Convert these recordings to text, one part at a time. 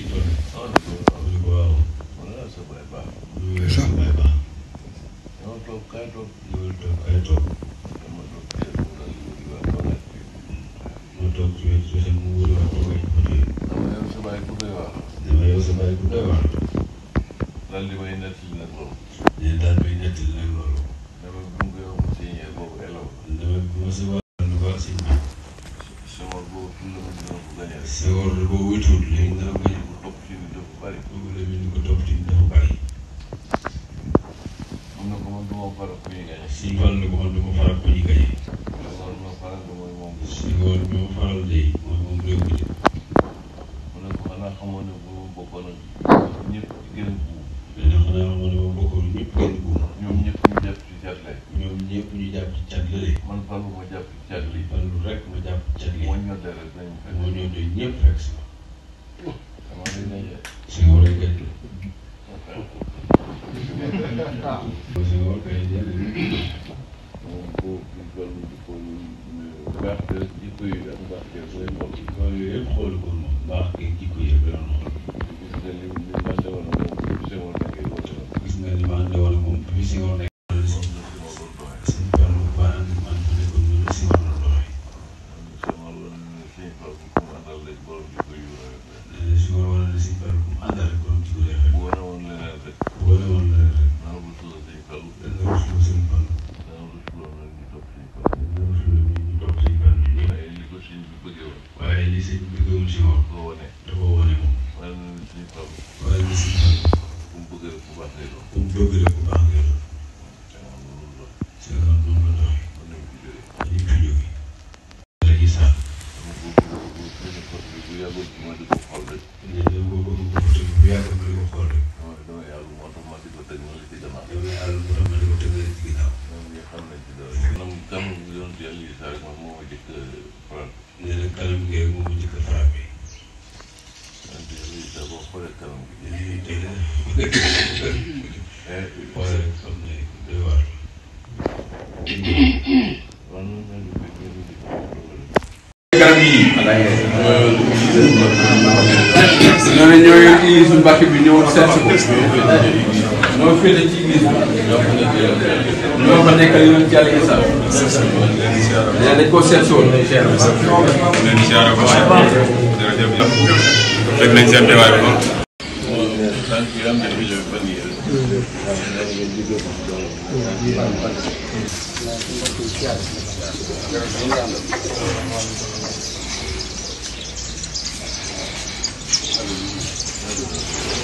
people out of the world. Well, that's a way back. You will sure. way back. You want to talk, I talk, you will talk, I talk. You want to talk, you will talk, I talk. You talk to yourself, ñoo féete ci église bi ñoo fa nekkal yoon ci yàlla isa nee nañ koo seet soon fekk nañ seen teewaay bi moom Thank you.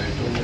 lay toog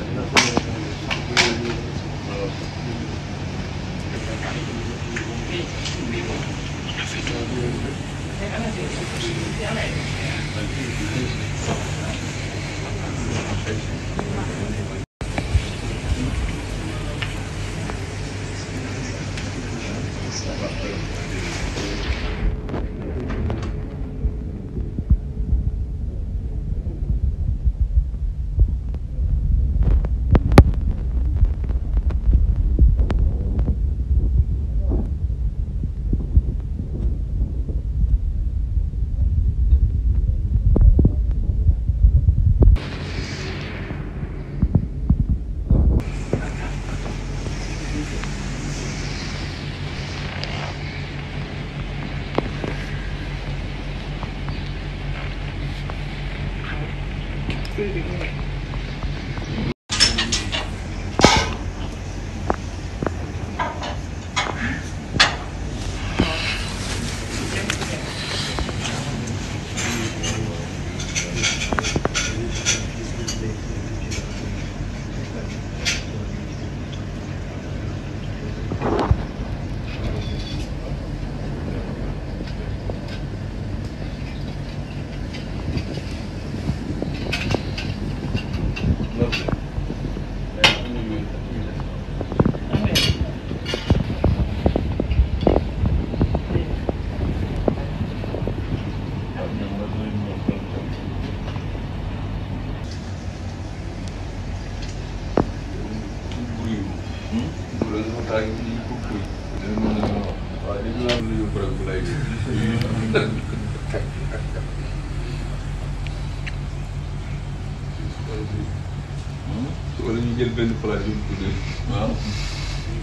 aussi. wala ñu jël benn place yu mu tuddee waaw.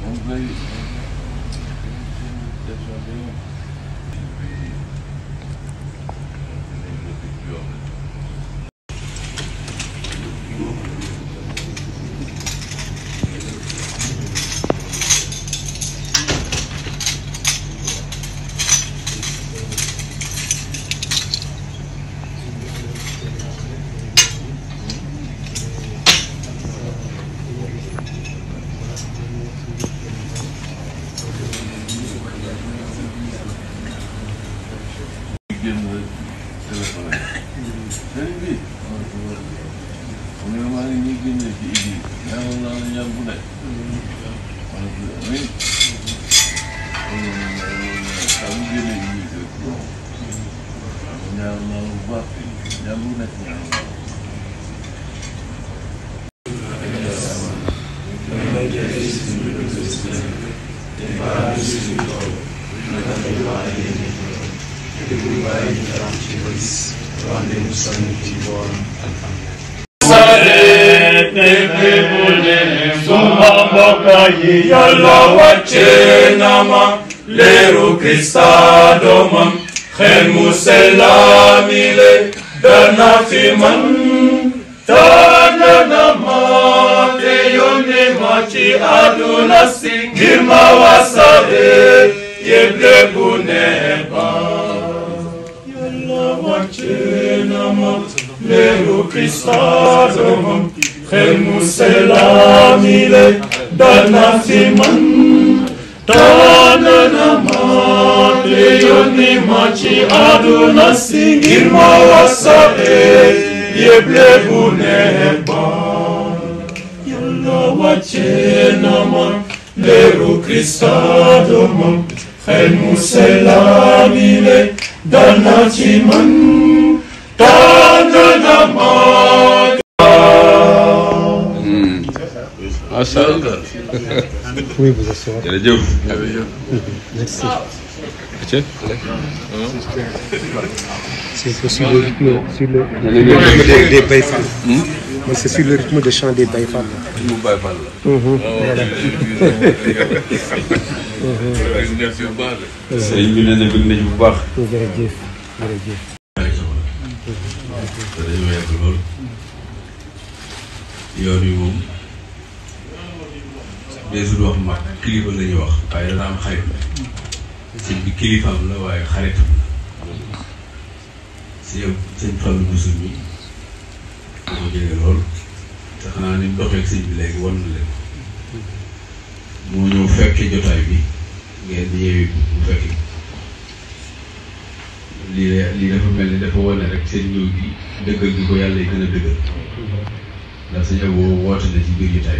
moom lay. génn téléphone sëriñ bi mu ne maa ngi ñuy génnee ci indi ñaanal naa la ñaan bu nekk ma ne ko amin saa mu génnee indi rek ñaanal naa la bu baax ñaan bu nekk ñaanal naa la Thank you. dëgg-dëgg yi ñu am ci bés wàllu musaab yi ci booram alhamdulilah. suma mbokk yi yàlla wàcce na ma leeru Kirista doomam xel mu sellami le dana fi man tànn na ma te yónni ma ci àdduna si ngir ma wasaare yépp bu ne Yehu Krista Domam, Chemu Selamile, Danasiman, Tananama, Leyoni Machi Adonasi, Girma Wasae, Yeblebu Neba, Yalla Wachenama, Leru Krista Domam, Chemu Selamile, Danasiman, macha allah. oui vous asseoir. jërëjëf. merci. c'est sur le rythme sur le. des des bayfal. man c'est sur le rythme de chant des bayfal. mu bayfal la. voilà. sëñ bi nee na bëgg nañ bu baax. jërëjëf jërëjëf. te dañu weesu lool yoon yi moom desul wax mag kilifa la ñuy wax waaye dana am xarit sëñ bi kilifaam la waaye xaritam la si yow sëñ Fallou Moussa mi da ko jege lool te xanaa ni mu doxee ak sëñ bi léegi wan na leen moo ñëw fekkee jotaay bi ngeen ñëwee bu fekkee. lii de lii dafa mel ni dafa wane rek seen ñëw gi dëggal gi ko yàlla yi gën a dëggal ndax sëñ Abo woote na ci yu tay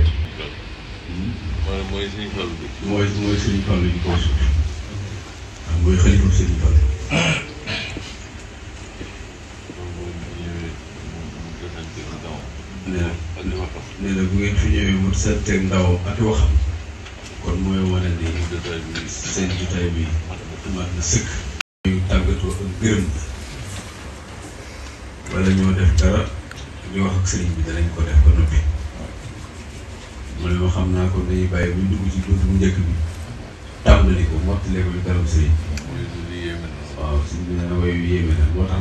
mooy mooy sëñ Fall mooy mooy sëñ Fall bi bu ngeen fi ñëwee mu seetteeg ndaw ak waxam kon mooy wane ni seen jotaay bi mat na sëkk tàggatoo ak gërëm wala ñoo def dara ñu wax ak sëriñ bi danañ ko def ba noppi mu ne ma xam naa ko dañuy bàyyi bu ñu dugg ci bunt bu njëkk bi tàmbali ko mottalee ko ñu garam sëriñ na moo tax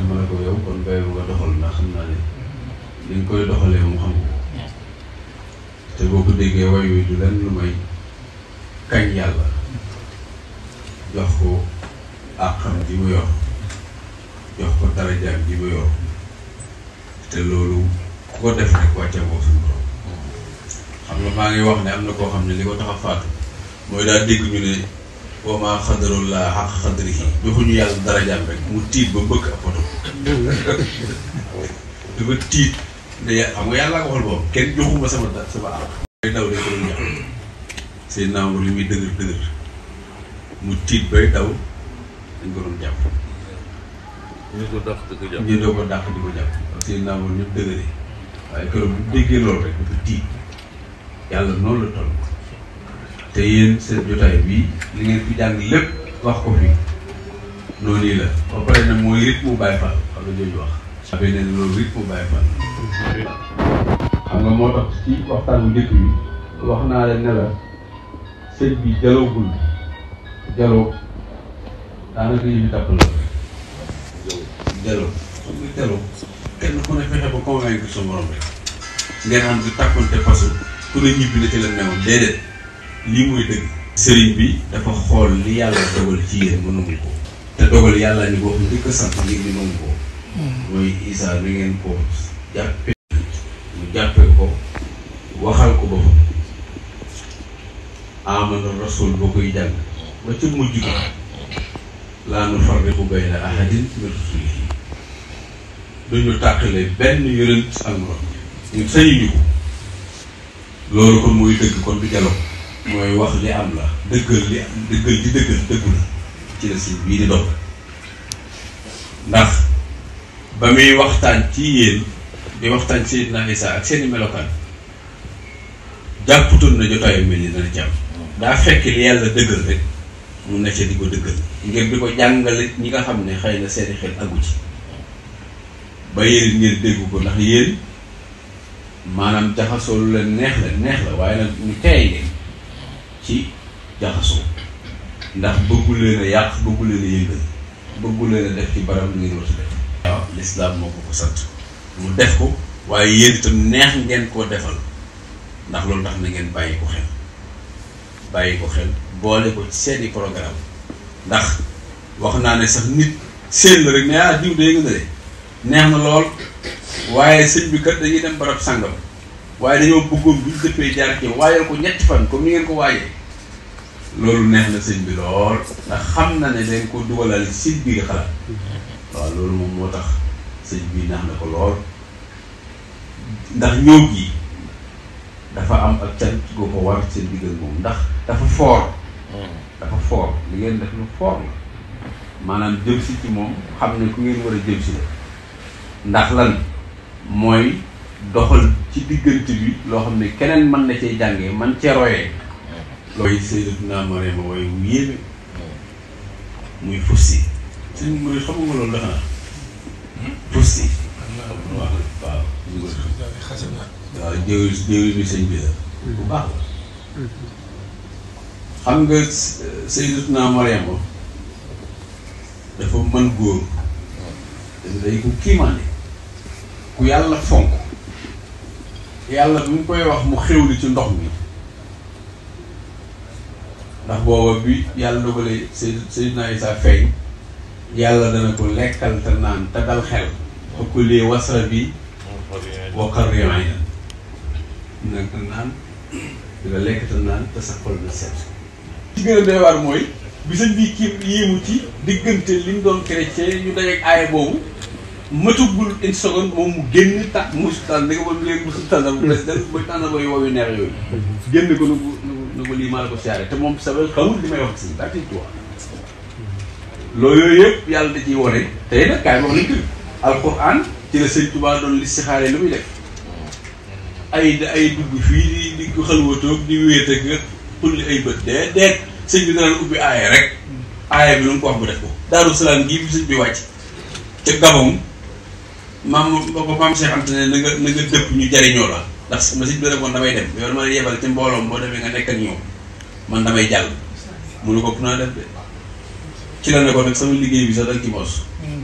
ma ne ko yow kon bàyyi bu nga doxal ndax xam naa ne li koy doxalee mu xam ko te boo ko déggee way wi du lenn lu may kañ yàlla jox ko àqam ji mu yor jox ko darajaam ji mu yor te loolu ko def xam nga maa ngi wax ne am na koo xam ne li ko tax a faatu mooy daa dégg ñu ne wa yàlla darajaam rek mu tiit ba bëgg ab oto sama sama àq day daw day ko li muy dëgër dëgër mu tiit bay daw dañ ko doon jàpp. ko dàq di ko jàpp parce que naa woon ñëpp dëgëree waaye keroog bu déggee loolu rek dafa tiit yàlla noonu la toll te yéen seen jotaay bii li ngeen fi jàng lépp wax ko fi noonu la ba pare nag mooy rythme mu Baye xam nga moo tax ci waxtaan bu njëkk bi wax naa leen ne la sëñ bi jaloo gul daanaka yi ñu dàpp la delloo kenn ku ne fexe ba convaincre sa morom rek ngeen am di tàkkante façon ku ne ñibbi na ci la newoon déedéet lii mooy dëgg sëriñ bi dafa xool li yàlla dogal ci yéen ba nangu ko te dogal yàlla ni boo njëkk sant ngir ñu nangu ko hmm. mooy Isa ni ngeen ko jàppe mu jàppe ko waxal ko ba fa amana rasul boo koy jàng ba mujj gi laa nufarriqu bayna ahadin min rusulihi duñu tàqale benn yonent ak morom ñun sañuñu ko loolu kon mooy dëgg kon du jalo mooy wax li am la dëggal li am dëggu la ci la si bii di dox ndax ba muy waxtaan ci yéen di waxtaan ci Seydina Isa ak seeni melokaan jàpputoon na jotaayu mel ni dana jàmm daa fekk li yàlla dëggal rek mu nekk di ko dëggal ngir di ko jàngale ñi nga xam ne xay na seeni xel agu ci ba yéen ngeen dégg ko ndax yéen maanaam jaxasoo lu leen neex la neex la waaye nag ñu teey leen ci jaxasoo ndax bëggu leen a yàq bëggu leen yëngal bëggu def ci barab lu ngeen war def waaw lislaam moo ko ko sant mu def ko waaye yéen itam neex ngeen koo defal ndax loolu tax na bàyyi ko xel bàyyi ko xel boole ko ci seeni programme ndax wax naa ne sax nit seen rek ne ah jiw day nga de neex na lool waaye sëñ bi kat dañuy dem barab sàngam waaye dañoo bëggoon bu ñu dëppee jaar ci waaye ko ñett fan comme ni ngeen ko waajee loolu neex na sëñ bi lool ndax xam na ne dañ ko dugalal si biir xalaat waaw loolu moom moo tax sëñ bi neex na ko lool ndax ñëw gi dafa am ak cant gu ko war seen diggante moom ndax dafa foor dafa foor li ngeen def lu foor la maanaam jëm si ci moom xam ne ku ngeen war a jëm la ndax lan mooy doxal ci diggante bi loo xam ne keneen mën na cee jàngee man cee royee looy Sayyidatuna Mariama waaye wu yéeme muy fussi seen si xam nga loolu dafa na fussi waaw waaw. waaw jéewul jéewul bi sëñ bi la. bu baax la. xam nga Sayyidatuna Mariama dafa mën góor. dañ day ku kiimaane ku yàlla fonk. yàlla bi mu koy wax mu xewli ci ndox mi. ndax booba bi yàlla dogalee Seydina Isa feeñ. yàlla dana ko lekkal te naan te dal xel. xukuli wasrabi wa qarri aynan nag naan di la lekk te naan te sa xol na set ci gën a doy waar mooy bi sëñ bi kii yéemu ci diggante li mu doon chrétien ñu dajeeg aaya boobu matugul une seconde moom mu génn ta musutaan da nga moom léegi musu tànn bu président ba tànn booy neex yooyu génn ko nu nu ko lii maa la ko siyaare te moom sabal xamul li may wax si daa ciy tuwa yooyu yëpp yàlla da ciy wone tey nag kaay wax nañ alquran ci la sëñ Tuubaa doon listixaare lu muy def ay ay dugg fii di di xalwatoog di wéet ak nga xulli ay bët dee deet sëñ bi danaan ubbi aaya rek aaya bi lu ko wax bu def ko daaru salaam gii bi bi wàcc ca gabam maam ba maam Cheikh Anta ne na nga na nga ñu jariñoo la ndax ma sëñ bi ne koon damay dem yow dama lay yebal ci mbooloom boo demee nga nekk ak man damay jàll mu ne ko pour naa def de ci la ne ko sama liggéey bi sax dal ci mos mm.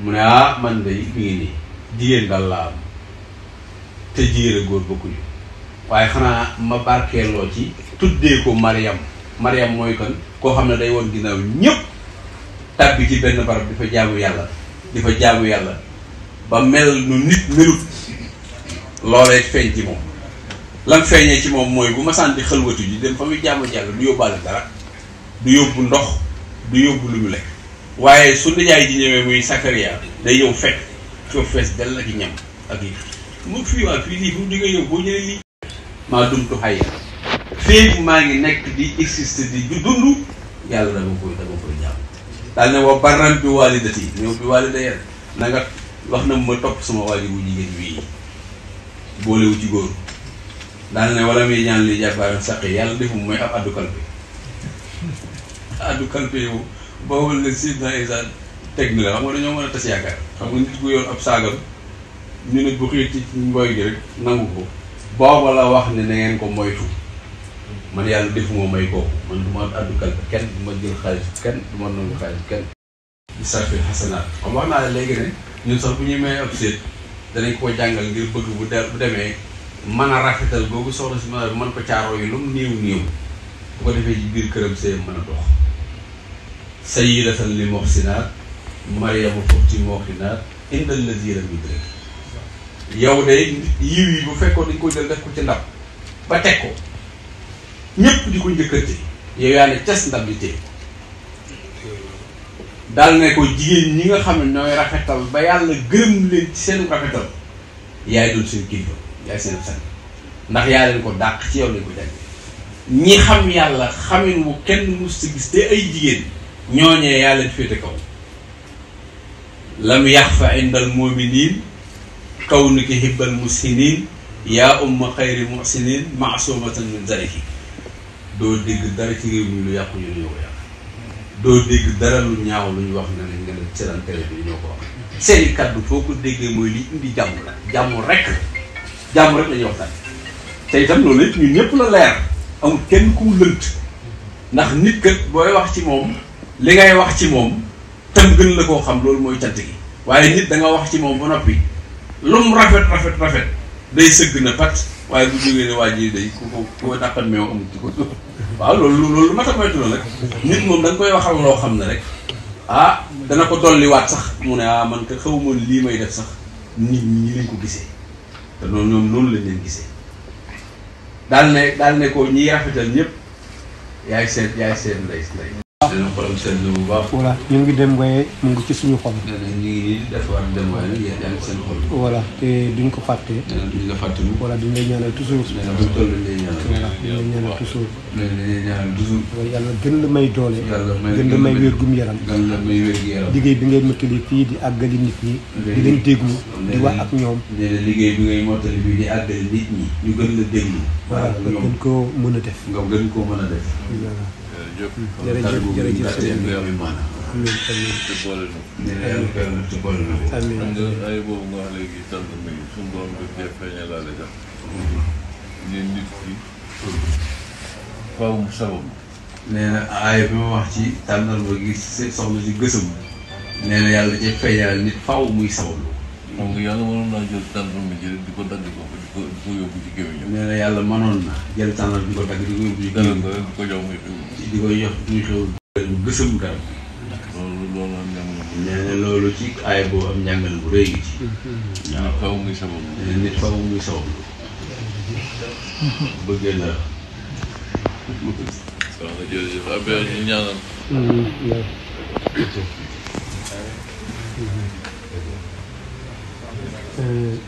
mu ne ah man de mi ngi nii jigéen daal laa am te jigéen a góor bokkuñu waaye xanaa ma barkeeloo ci tuddee ko Mariam Mariam mooy kon koo xam ne day woon ginnaaw ñëpp tàbbi ci benn barab di fa jaamu yàlla di fa jaamu yàlla ba mel nu nit melut loolee feeñ ci moom lam feeñee ci moom mooy bu ma sànni xëlwatu ji dem fa muy jaamu yàlla du yóbbaale dara du yóbbu ndox du yóbbu lu ñu lekk waaye su nijaay ji ñëwee muy Sakariya day yow fekk coof fees dell ak ñam ak yi mu fii waa fii lii bu di nga lii maa dumtu xayya féeg maa ngi nekk di existe di du dund yàlla dama koy dama koy jàmm daal ne wa barram bi waalidati ñëw bi waalidaya na nga wax na ma topp sama waajur wu jigéen wii boolewu ci góor daal ne wala muy ñaan li jàppaaram saqi yàlla defum mooy ab addu kalpe addu kalpe yow boobu la Sidna Isa teg ni xam nga dañoo mën a tas yaakaar xam nga nit ku yor ab saagam ñu ne bu xëy ci mbooy gi rek nangu ko booba la wax ne na ngeen ko moytu man yàlla defuma may kooku man du ma kenn du ma jël xaalis kenn du ma nangu xaalis kenn di sarfi xasanaat xam wax naa léegi ne ñun sax bu ñu may ab séet danañ ko jàngal ngir bëgg bu de demee mën a rafetal boobu soxna si mën a ko caaroo yi lu mu néew néew bu ko defee ci biir këram see mën sayyidatan li muhsinaat maryamu fuxti muhsinaat inda nazira mudrik yow de yiw yi bu fekkoon dañ ko jël def ko ci ndab ba teg ko ñépp di ko njëkkante yow yaa ne ces ndab li téye dal ne ko jigéen ñi nga xam ne ñooy rafetal ba yàlla gërëm leen seen rafetal yaay doon seen kilifa yaay seen sang ndax yaa leen ko dàq ci yow lañ ko jàng ñi xam yàlla xamin wu kenn mus sa gis ay jigéen ñooñee yàlla féete kaw fa ay indal muminin kaw ni ki hibbal mussinin yaa umma xayri mussinin maasumatan min ki doo dégg dara ci réew mi lu yàqu ñu ñoo ko yàq doo dégg dara lu ñaaw lu wax nga ne nga ne ci lan bi ñoo ko wax seeni kaddu foo ko déggee mooy li indi jàmm la jàmm rek jàmm rek la ñuy waxtaan te itam loolu it ñun ñëpp la leer amul kenn ku ndax nit kat booy wax ci moom li ngay wax ci moom tam gën la koo xam loolu mooy cant gi waaye nit da wax ci moom ba noppi lum rafet rafet rafet day sëgg na pat waaye bu jógee ne waa ji day ku ko ku ko dàqan meew amul ci ko waaw loolu moom da koy waxal loo xam ne rek ah, dana ko dolliwaat sax mu ne ah, man ka xaw lii may def sax lañ ko gisee te noonu ñoom noonu lañ leen gisee daal ne daal ne ko ñi rafetal ñëpp yaay seen yaay seen ndey ndey dana xolam seetlu bu ñu ngi dem waaye mu ngi ci suñu xol. nee na ñu ngi defar dem waaye nag yéen yaa te duñ ko fàtte. nee duñ la fàtte mu. voilà duñ lay ñaanal toujours. nee na buñ toll lay ñaanal. yàlla gën la may doole. yàlla may gën la may wér gum yaram. gën la may wér gu yaram. liggéey bi ngay mottali fii di àggali nit ñi. di leen déglu di wax ak ñoom. liggéey bi ngay mottali fii di àggali nit ñi. ñu gën la déglu. voilà nga gën koo mën a def. nga gën koo mën a def. jërëjëf sëñ bi amiin amiin te boole ñu. ñu ne am sabab. nee na aaya ma wax ci tànnal ba gi soxna si gësam. nee na yàlla cee feeñalaale nit faaw muy sabab. moom nga yàlla mënoon naa jël tànn bi ko dagg di ko di ko yóbbu ci gémmiñ. nee na yàlla mënoon na jël tànn bi ko dagg di ko yóbbu ci gémmiñ. di ko jox muy xewul. di ko jox muy xewul. gisuñ dara loolu nee loolu ci aay boobu am njàngal bu rëy gi ci waaw faw muy sabab nit bëggee la soxna jërëjëf abe ñu ñaanal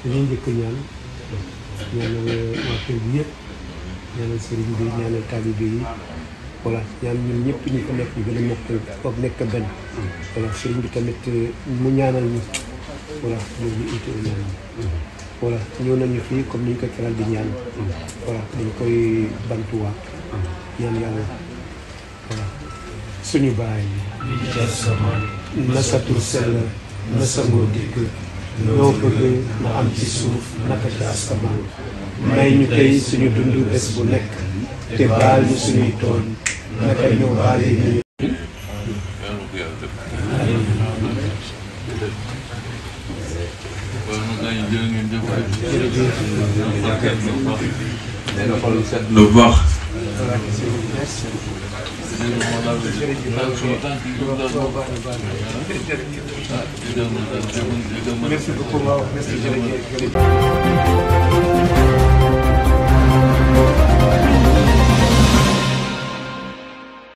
dañuy njëkk ñaan ñaanal waa kër bi yëpp ñaanal sëriñ bi ñaanal taalibe voilà ñaan ñun ñëpp ñu fa nekk ñu gën a nekk benn voilà euh, mu ñaan ñi voilà ni koy faral di ñaan voilà dañ koy bantuwaat suñu baay yi nasatu sell na sangoo dikk noo bëgg na am ci suuf naka ci asamaan may ñu tey suñu dund bés bu nekk te baal ñu suñuy tooñ naka ñu baale lu baax. merci beaucoup merci jërëjëf